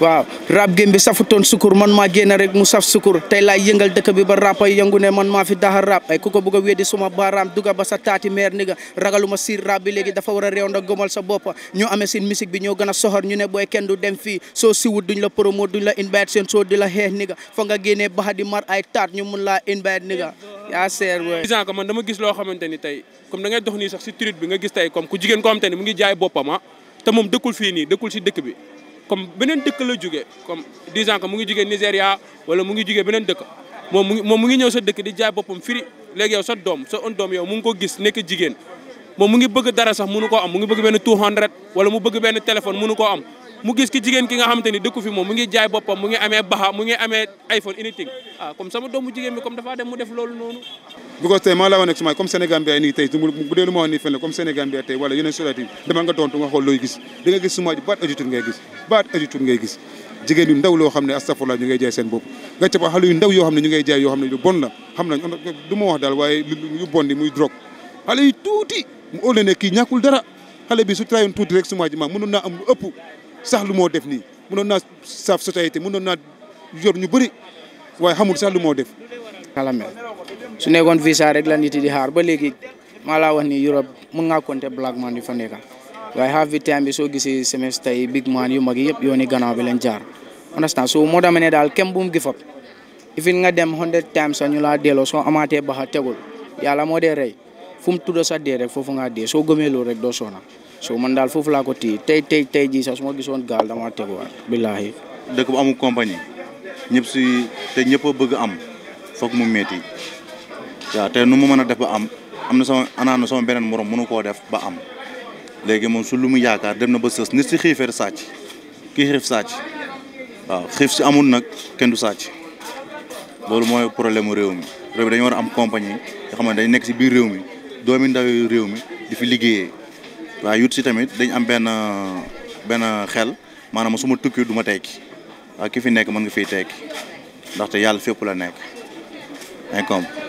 waaw rap game bi safutoon sukur man ma gene rek mu saf sukur tay laay yengal dekk bi ba rappa yëngu man ma fi dahar rap ay kuko bëgg a suma baram duga ba sa taati mer niga ragaluma sir rab bi legi dafa wara rew réew gomal sa bop ñu amé seen musique bi ñoo gëna a soxor ñu ne boy kenn du dem fii soo siwut duñ la promo duñ la invite seen so di la xeex niga fa nga gene baxa mar ay taat ñu mën la invite niga ya ser seer wooy ko man dama gis lo xamanteni ni comme da ngay dox ni sax si turit bi nga gis tay comme ku jigen ko ni mu ngi jaay bopama ah, te mom dekkul fi ni dekkul ci dekk bi comme beneen dëkk la jóge comme disant que mu ngi jógee Nigéria wala mu ngi jógee beneen dëkk moom mu ngi mu ngi ñëw sa dëkk di jaay boppam firi léegi yow sa doom sa un doom yow mu ngi ko gis nekk jigéen moom mu ngi bëgg dara sax mënu koo am mu ngi bëgg benn 200 wala mu bëgg benn téléphone mënu ko am mu gis ki jigéen ki nga xamante ni dëkku fi moom mu ngi jaay boppam mu ngi amee baxa mu ngi amee iPhone anything ah comme sama doomu jigéen bi comme dafaa dem mu def loolu noonu because tey maa la nekk suma comme Sénégal bi nii tey bu dee lu ma wax nii fen la comme Sénégal bi tey wala yeneen société dama nga tontu nga xool looy gis da gis suma baat attitude ngay nga ca ba xale dara xale bi su trayoon tuuti rek suma ji ma mënoon naa sax lu moo def nii mënoon naa saaf société mënoon naa yor ñu bëri waaye xamul sax lu moo def. la su nekkoon visa rek la nit di xaar ba léegi maa laa wax ni Europe mun ngaa compter black man yu fa nekka waaye half the time bi soo gisee semestre yi big man yu mag yëpp yooni gannaaw bi leen jaar. understand so moo dama ne daal kem bu mu gi fab ifin nga dem hundred times sax ñu laa delloo soo amaatee baxa tegul yàlla moo dee rey fu mu tudd sa dee rek foofu ngaa dee soo gëmee loolu rek doo soona so man daal foofu laa ko téye tey tey tey jii sax su ma gisoon gaal damaa teguwaat billaahi dëkk bu amul compagnie ñëpp si te ñëpp bëgg am foog mu métti waaw te nu mu mën a def ba am am na sama anaana sama beneen morom mënu koo def ba am léegi moom su lu mu yaakaar dem na ba sës nit si xiifeer sàcc kii xiif sàcc waaw xiif si amul nag kenn du sàcc loolu mooy problème réew mi réew mi dañu war a am compagnie yoo xam ne dañ nekk si biir réew mi doomi ndaw réew mi di fi liggéeyee waaye yut si tamit dañ am benn benn xel maanaam su ma tukki du ma tekki waaw ki fi nekk mën nga fi tekki ndaxte yàlla fépp la nekk incombe